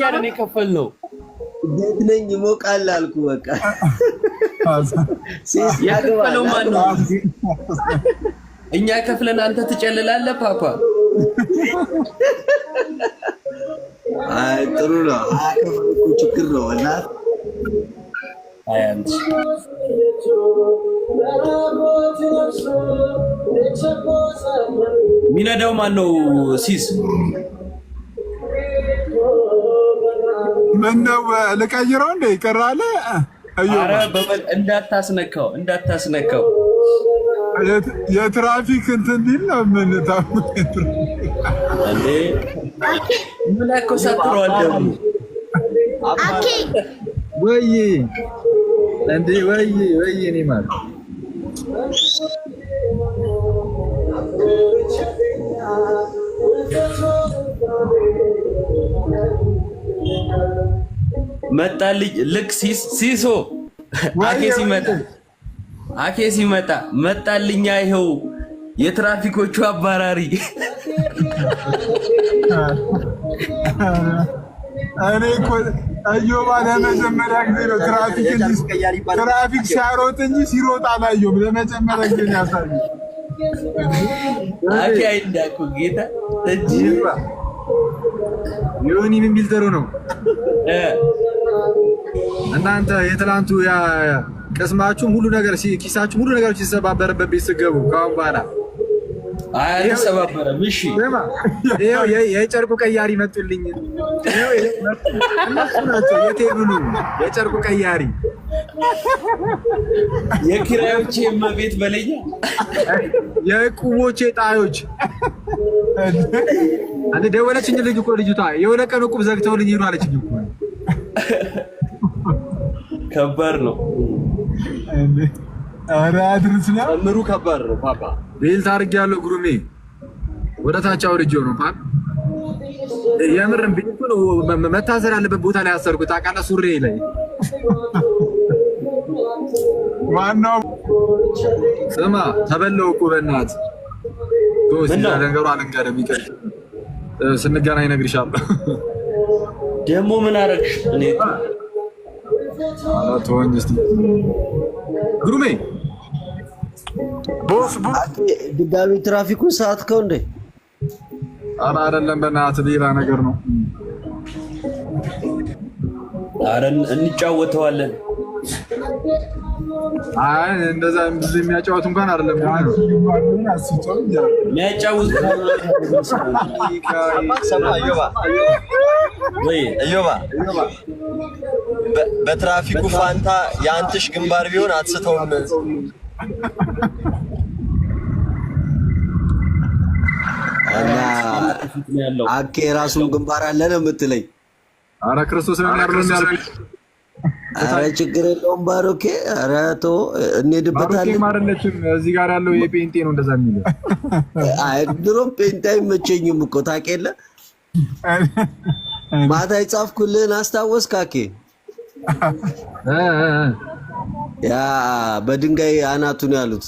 እኛ ነን የከፈልነው። ቤት ነኝ ይሞቃል አልኩ። በቃ ያከፈለው እኛ ከፍለን አንተ ትጨልላለህ። ፓፓ አይ ጥሩ ነው። ችግር ነው እና ሚነዳው ማን ነው ሲስ ምነው ልቀይረው እንደ ይቀራለ እንዳታስነካው እንዳታስነካው የትራፊክ እንትን ነው። ምን ወይ ወይ መጣልኝ። ልክ ሲሶ አኬ ሲመጣ አኬ ሲመጣ መጣልኛ ይኸው የትራፊኮቹ አባራሪ እኔ እኮ አየሁ ለመጀመሪያ ጊዜ ነው ትራፊክ እንጂ ትራፊክ ሲያሮጥ እንጂ ሲሮጥ አላየሁም። ለመጀመሪያ ጊዜ ነው ያሳየው። አኬ አይዳኩ ጌታ እጅ ይሁን የሚል ጥሩ ነው። እናንተ የትላንቱ ቅስማችሁም ሙሉ ነገር ኪሳችሁም ሁሉ ነገሮች ሲሰባበርበት ቤት ስገቡ ከአሁን በኋላ አልሰባበረም። እሺ የጨርቁ ቀያሪ መጡልኝ። እነሱ ናቸው የቴብሉ የጨርቁ ቀያሪ የኪራዮቼ የማቤት በለኝ የዕቁቦቼ ጣዮች አንድ ደወለችኝ ልጅ እኮ ልጅቷ የሆነ ቀን ዕቁብ ዘግተውልኝ ሄዱ አለችኝ እኮ ከባድ ነው። አድርስ ነው ምሩ ከባድ ነው። ፓፓ ቤልት አድርጌ ያለው ጉሩሜ ወደ ታች አውርጄው ነው። ፓፓ የምርም ነው መታሰር ያለበት ቦታ ላይ አሰርኩት። ታውቃለህ፣ ሱሬ ላይ ዋናው ስማ፣ ተበለው እኮ በእናትህ ነገሩ አልንገርም። ይቀር ስንገናኝ እነግርሻለሁ። ደግሞ ምን አረግሽ? እኔ ግሩሜ ቦስ ድጋሚ ትራፊኩን ሰዓት ከው እንዴ? ኧረ አይደለም፣ በእናትህ ሌላ ነገር ነው። ኧረ እንጫወተዋለን። አይ እንደዛ የሚያጫወት እንኳን አይደለም የሚያጫውት እዮባ በትራፊኩ ፋንታ የአንትሽ ግንባር ቢሆን አትስተውም። አኬ የራሱን ግንባር አለ ነው የምትለኝ? አረ ክርስቶስ አረ ችግር የለውም ባሮኬ። አረ ተው እንሄድበታለን። ማረለችም እዚህ ጋር ያለው የጴንጤ ነው እንደዛ የሚለው። ድሮም ጴንጤ አይመቸኝም እኮ ታውቅ የለ ማታ የጻፍኩልህን አስታወስክ? አኬ ያ በድንጋይ አናቱን ያሉት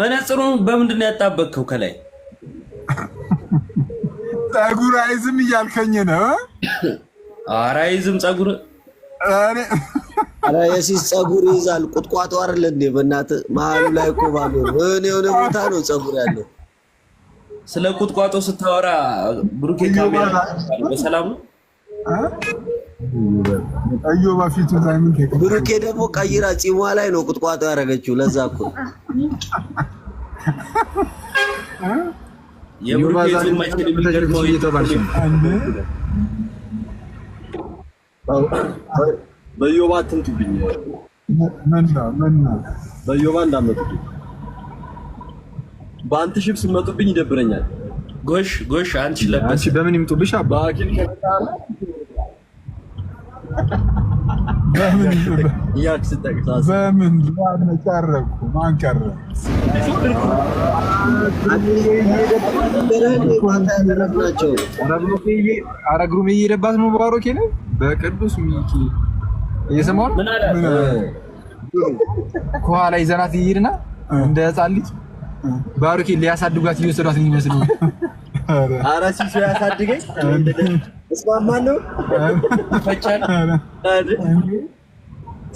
መነጽሩን በምንድን ነው ያጣበቅከው? ከላይ ጸጉር አይዝም እያልከኝ ነው? ኧረ አይዝም ጸጉር አረ የሲስ ጸጉር ይይዛል። ቁጥቋጦ አይደል እንዴ? በእናትህ መሀሉ ላይ እኮ እኔ የሆነ ቦታ ነው ጸጉር ያለው። ስለ ቁጥቋጦ ስታወራ ብሩኬ ካሜራ በሰላም ነው። በፊቱ ብሩኬ ደግሞ ቀይራ ፂሟ ላይ ነው ቁጥቋጦ ያደረገችው። ለዛ እኮ በዮባ በዮባ እንዳመጡብኝ በአንተ ሽብ ስመጡብኝ ይደብረኛል። ጎሽ ጎሽ፣ አንቺ ለበስ አንቺ በምን ይምጡብሽ? አባ ባኪን ከመጣለ በምን ያክ ስትጠቅሳስ በምን ለአን ቀረብኩ ማን ቀረ? ኧረ ግሩምዬ እየሄደባት ነው። ባሮኬ ነው በቅዱስ ሚኪ እየሰማሁ ምን አለ ከኋላ ይዘናት ይሄድና እንደ ህፃን ልጅ ባሩኬ ሊያሳድጓት እየወሰዷት የሚመስል ኧረ ሲሱ ያሳድገኝ እስማማለሁ።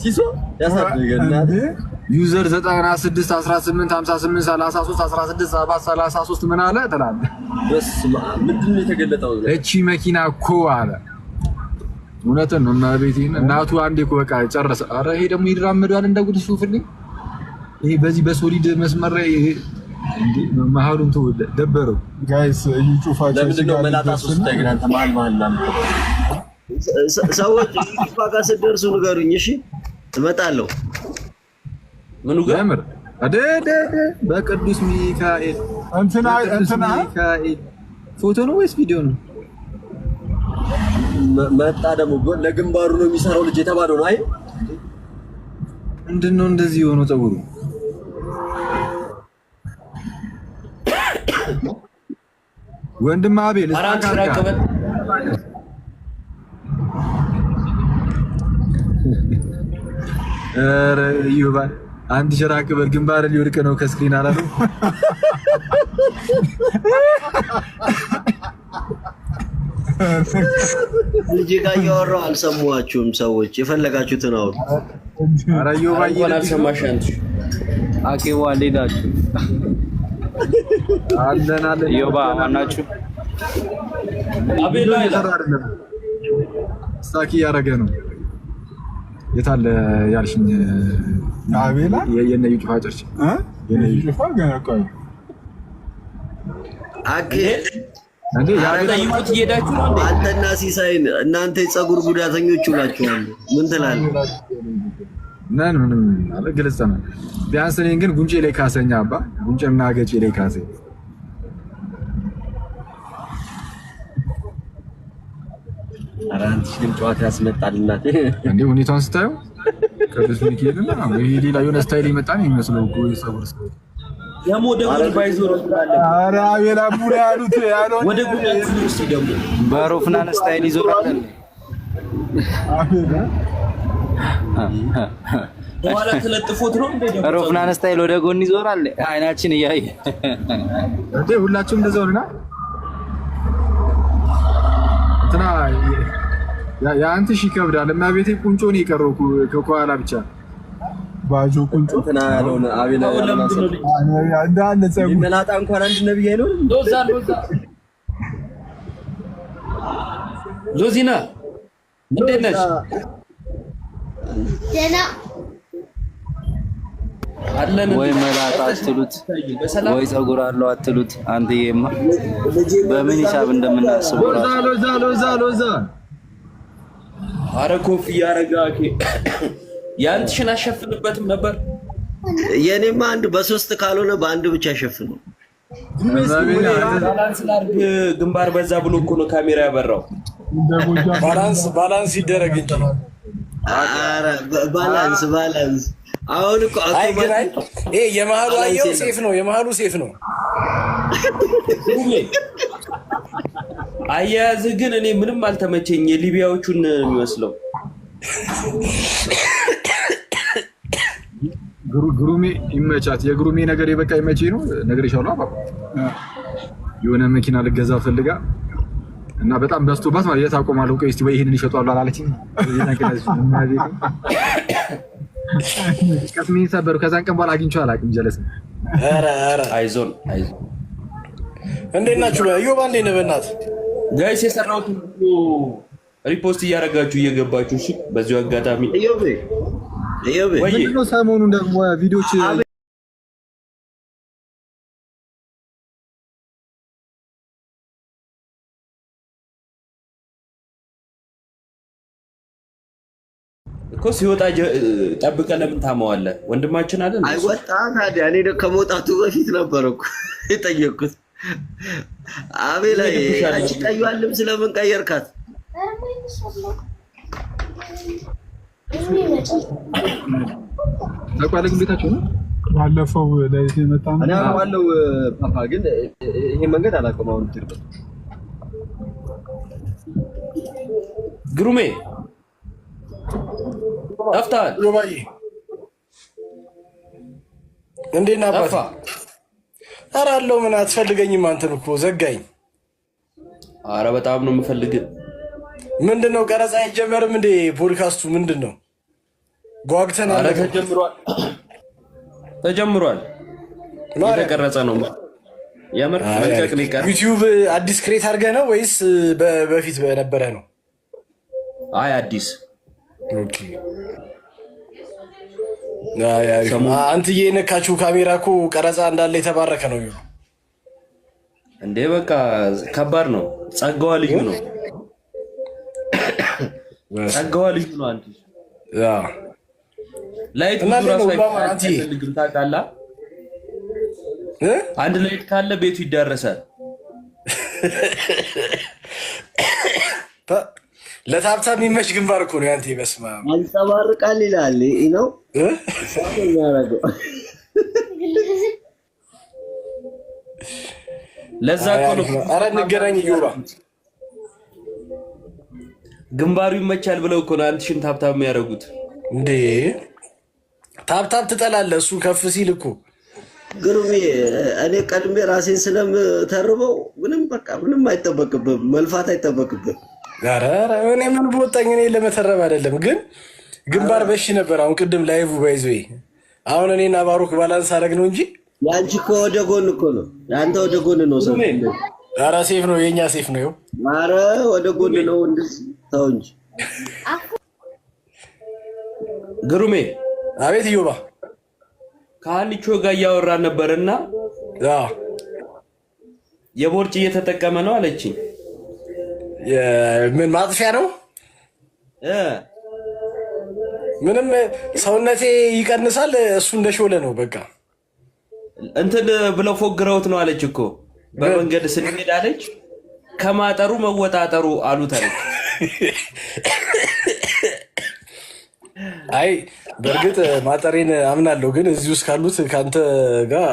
ሲሱ ያሳድገናል። ዩዘር 96 18 58 33 16 7 33 ምን አለ ትላለህ? እቺ መኪና እኮ አለ እውነትን ነው እና ቤቴን እናቱ አንዴ እኮ በቃ ጨረሰ። ኧረ ይሄ ደግሞ ይራመዷል እንደጉድ ሱፍልኝ ይሄ በዚህ በሶሊድ መስመር ላይ መሀሉም ተወለ ደበረው። ጋይስ እዩ ጩፋ ሰዎች ጩፋ ጋር ስትደርሱ ንገሩኝ። እሺ እመጣለሁ። ምኑ ጋር ምር በቅዱስ ሚካኤል እንትና እንትና ሚካኤል ፎቶ ነው ወይስ ቪዲዮ ነው? መጣ ደግሞ ለግንባሩ ነው የሚሰራው ልጅ የተባለው ነው። አይ ምንድን ነው እንደዚህ የሆነው ፀጉሩ ወንድም አቤል ይባል አንድ ሽራ ክብር ግንባር ሊወድቅ ነው ከስክሪን አላሉ ልጅ ጋር እያወራሁ አልሰማችሁም። ሰዎች የፈለጋችሁትን አውሩ። አራዩ ባይ አልሰማሽ አንቺ አኬዋ ሌላችሁ አለን አለን። ዮባ ማናችሁ? አቤላ አይደለም ሳኪ እያደረገ ነው። የታለ ያልሽኝ? አቤላ የነ ዩጭፋ ጨርች አንተና ሲሳይን እናንተ የፀጉር ጉዳተኞች ሁላችኋል። ምን ትላለህ? ነን ምንም ግልጽ ነው። ቢያንስ እኔን ግን ጉንጬ ላይ ካሰኛ አባ ጉንጬ እና ገጬ ላይ ካሰ ኧረ አንቺ ግን ጨዋታ ያስመጣል እንዴ ሁኔታውን ቅዱስ ይሄ ሌላ የሆነ ስታይል ይመጣ የሚመስለው እኮ ደግሞ ወደ ደግሞ በኋላ ተለጥፎት ነው እንደ ሮፍናን ስታይል ወደ ጎን ይዞራል። አይናችን እያየ እንዴ ሁላችሁም እንደዛ ሆነና እንትና የአንተ ሺህ ይከብዳል። እና ቤቴ ቁንጮ ነው የቀረው ከኋላ ብቻ ባጆ ቁንጮ እንትና ያለውን አቤላ እንዳለ ጸጉር መላጣ እንኳን አንድ ነብይ አይኖርም። ዶዛ ዶዛ ዶዚና እንዴት ነሽ? ወይ መላጣ አትሉት፣ ወይ ፀጉር አለው አትሉት። አንተዬማ በምን ሂሳብ እንደምናስበው ሎዛ አረ ኮፍያ አረጋ የአንትሽን አሸፍንበትም ነበር። የኔማ አንድ በሶስት ካልሆነ በአንድ ብቻ ሸፍነው። ባላንስ ላድርግ። ግንባር በዛ ብሎ እኮ ነው ካሜራ ያበራው። ባላንስ ይደረግ እንጂ ባላንስ ባላንስ። አሁን እኮ ይሄ የመሀሉ አየው ሴፍ ነው፣ የመሀሉ ሴፍ ነው። አያያዝ ግን እኔ ምንም አልተመቸኝ። የሊቢያዎቹን የሚመስለው ግሩሜ ይመቻት። የግሩሜ ነገር የበቃ ይመቼ ነው። ነገር ይሻሉ። የሆነ መኪና ልገዛ ፈልጋ እና በጣም በዝቶባት ማለት የት አቆማለሁ? ቆይ እስኪ ወይ ይሄንን ይሸጧሉ አላለችኝ። ቀስሜን ሰበሩ። ከዛን ቀን በኋላ አግኝቼው አላውቅም። ጀለስ አይዞን አይዞን። እንዴት ናችሁ? ዮባ እንዴት ነህ? በእናትህ ጋይስ የሰራሁትን ሪፖስት እያደረጋችሁ እየገባችሁ፣ እሺ። በዚሁ አጋጣሚ ሰሞኑን ደግሞ ቪዲዮች እኮ ሲወጣ ጠብቀህ ለምን ታመዋለ? ወንድማችን አለ አይወጣ። ታዲያ እኔ ከመውጣቱ በፊት ነበረ እኮ የጠየቅኩት። አቤ ላይ አንቺ ቀዩአልም ስለምን ቀየርካት? ተቋለግ ቤታቸው ነው ባለፈው ላይ የመጣ ባለው ፓፓ ግን ይሄ መንገድ አላውቅም። አሁን ግሩሜ ጠፍተሃል። እንዴት ነህ አባቴ? ኧረ ምን አትፈልገኝም? አንተን እኮ ዘጋኝ። አረ በጣም ነው የምፈልግህ። ምንድን ነው ቀረጻ አይጀመርም እንዴ? ፖድካስቱ ምንድን ነው? ጓግተን ተጀምሯል፣ ተጀምሯል። የተቀረጸ ነው የምር መልቀቅ ሊቀር ዩቲዩብ አዲስ ክሬት አድርገህ ነው ወይስ በፊት በነበረ ነው? አይ አዲስ አንትዬ የነካችሁ ካሜራ እኮ ቀረጻ እንዳለ የተባረከ ነው እንዴ በቃ ከባድ ነው። ጸጋዋ ልዩ ነው። ጸጋዋ ልዩ ነው። አንቺ ላይት ታውቃለህ፣ አንድ ላይት ካለ ቤቱ ይዳረሳል። ለታብታብ የሚመች ግንባር እኮ ነው ያንተ። በስመ አብ አንጸባርቃል ይላል ነው የሚያደርገው። ለዛ እኮ ነው ኧረ እንገናኝ ግንባሩ ይመቻል ብለው እኮ ነው አንድ ሽን ታብታብ የሚያደርጉት እንዴ። ታብታብ ትጠላለህ እሱ ከፍ ሲል እኮ ግሩሜ እኔ ቀድሜ ራሴን ስለምተርበው ምንም በቃ ምንም አይጠበቅብም፣ መልፋት አይጠበቅብም። እኔ ምን በወጣኝ። እኔ ለመተረብ አይደለም ግን ግንባር በሺ ነበር። አሁን ቅድም ላይቭ ባይዞ አሁን እኔና ባሩክ ባላንስ አደረግ ነው እንጂ ያንቺ እኮ ወደ ጎን እኮ ነው። ያንተ ወደ ጎን ነው ሰው። ኧረ ሴፍ ነው የእኛ ሴፍ ነው። ኧረ ወደ ጎን ነው እንደዚህ ተው እንጂ ግሩሜ። አቤት እዮባ ከሀኒቾ ጋር እያወራን ነበርና የቦርጭ እየተጠቀመ ነው አለችኝ። ምን ማጥፊያ ነው? ምንም ሰውነቴ ይቀንሳል። እሱ እንደሾለ ነው። በቃ እንትን ብለው ፎግረውት ነው አለች እኮ በመንገድ ስንሄድ አለች። ከማጠሩ መወጣጠሩ አሉት አለች። አይ በእርግጥ ማጠሬን አምናለሁ፣ ግን እዚህ ውስጥ ካሉት ከአንተ ጋር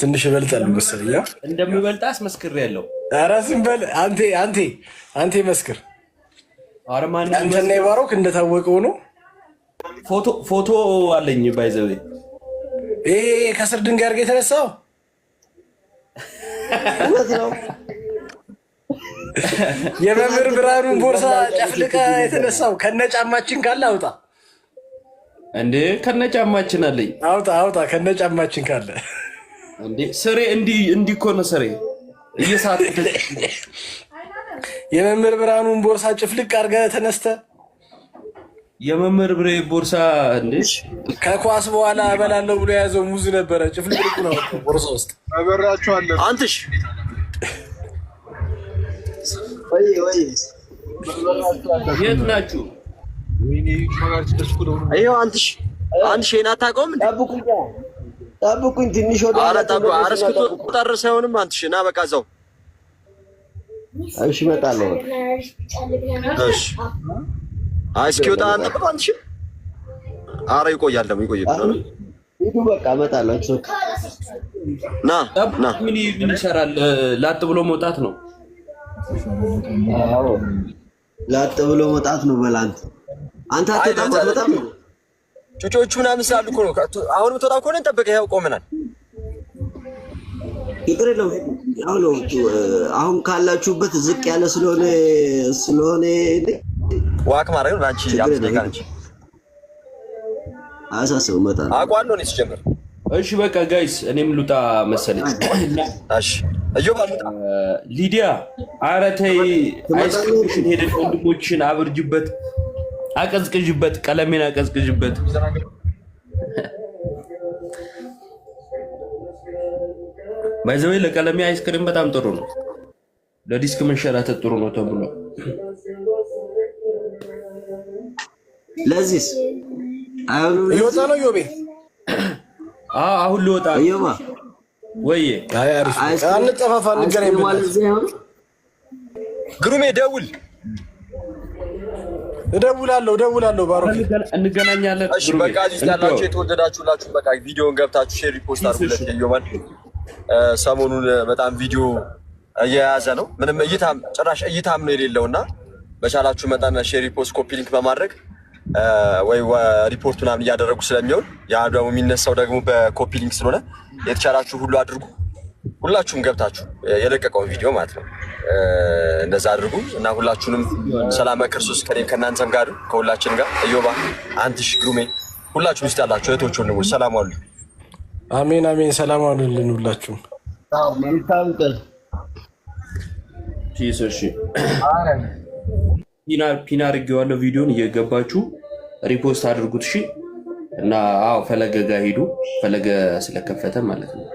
ትንሽ እበልጣለሁ መሰለኝ። እንደሚበልጣ አስመስክሬ ያለው ራስን በል አንቴ አንቴ አንቴ መስክር። አንተና የባሮክ እንደታወቀው ነው። ፎቶ አለኝ ባይዘዌ ይሄ ከስር ድንጋይ አድርገህ የተነሳው እውነት የመምህር ብርሃኑን ቦርሳ ጨፍልቀ የተነሳው ከነ ጫማችን ካለ አውጣ። እንዴ ከነ ጫማችን አለኝ። አውጣ አውጣ፣ ከነ ጫማችን ካለ እንዴ ስሬ እንዲህ እንዲህ እኮ ነው ስሬ እየሳት የመምህር ብርሃኑን ቦርሳ ጭፍልቅ አድርገህ ተነስተ የመምህር ብሬ ቦርሳ እንዴ ከኳስ በኋላ እበላለሁ ብሎ የያዘው ሙዝ ነበረ። ጭፍልቅልቁ ነው ቦርሳ ውስጥ አበራችኋለሁ። አንትሽ የት ናችሁ? ይኸው አንትሽ አንትሽ ይሄን አታውቀውም እንዴ? ጠብቁኝ ትንሽ ወደ አረ እስክቶ ጨርስ። አይሆንም አንተ እሺ፣ ና በቃ እዛው እሺ፣ እመጣለሁ። እሺ፣ አይ እስኪወጣ ጠብቁ አንተ እሺ። ኧረ ይቆያል ደግሞ ይቆያል። ሂዱ በቃ እመጣለሁ። ና ና፣ ምን ይሰራል? ላጥ ብሎ መውጣት ነው። አዎ ላጥ ብሎ መውጣት ነው። በላንት አንተ ነው ጩጮቹ ምናምን ስላሉ እኮ ነው። አሁን የምትወጣ ከሆነ እንጠብቅህ፣ ያው ቆመናል። ይቅር የለውም። ያው ነው አሁን ካላችሁበት ዝቅ ያለ ስለሆነ ስለሆነ ዋክ ማድረግ ነው። አንቺ አምስት ደቂቃ ነች አያሳስብም። እመጣለሁ አውቀዋለሁ እኔ ስጀምር። እሺ በቃ ጋይስ፣ እኔም ልውጣ መሰለኝ። እሺ ሊዲያ፣ አረተይ ተይ፣ ሄደሽ ወንድሞችን አብርጅበት አቀዝቅዥበት፣ ቀለሜን አቀዝቅዥበት። ባይዘወይ ለቀለሜ አይስክሪም በጣም ጥሩ ነው። ለዲስክ መንሸራተት ጥሩ ነው ተብሎ ለዚህስ ይወጣ ነው ዮቤ። አሁን ሊወጣ ዮባ ወይ አንጠፋፋ ንገር ግሩሜ ደውል እደውላለሁ እደውላለሁ። ባሮ እንገናኛለን። እሺ በቃ እዚህ ያላችሁ የተወደዳችሁላችሁ በቃ ቪዲዮን ገብታችሁ ሼር ሪፖስት አድርጉለት። የዮማን ሰሞኑን በጣም ቪዲዮ እየያዘ ነው። ምንም እይታም ጭራሽ እይታም ነው የሌለው እና በቻላችሁ መጠን ሼር ሪፖስት ኮፒ ሊንክ በማድረግ ወይ ሪፖርት ምናምን እያደረጉ ስለሚሆን ያ ደግሞ የሚነሳው ደግሞ በኮፒ ሊንክ ስለሆነ የተቻላችሁ ሁሉ አድርጉ። ሁላችሁም ገብታችሁ የለቀቀውን ቪዲዮ ማለት ነው። እንደዛ አድርጉ እና ሁላችሁንም ሰላመ ክርስቶስ ከኔም ከእናንተም ጋር ከሁላችን ጋር እዮባ፣ አንትሽ፣ ግሩሜ ሁላችሁ ውስጥ ያላችሁ እህቶች ወንድሞች ሰላም አሉ። አሜን አሜን። ሰላም አሉልን ሁላችሁም ፒን አድርጌዋለሁ። ቪዲዮን እየገባችሁ ሪፖስት አድርጉት። እሺ እና አዎ ፈለገ ጋር ሄዱ። ፈለገ ስለከፈተ ማለት ነው።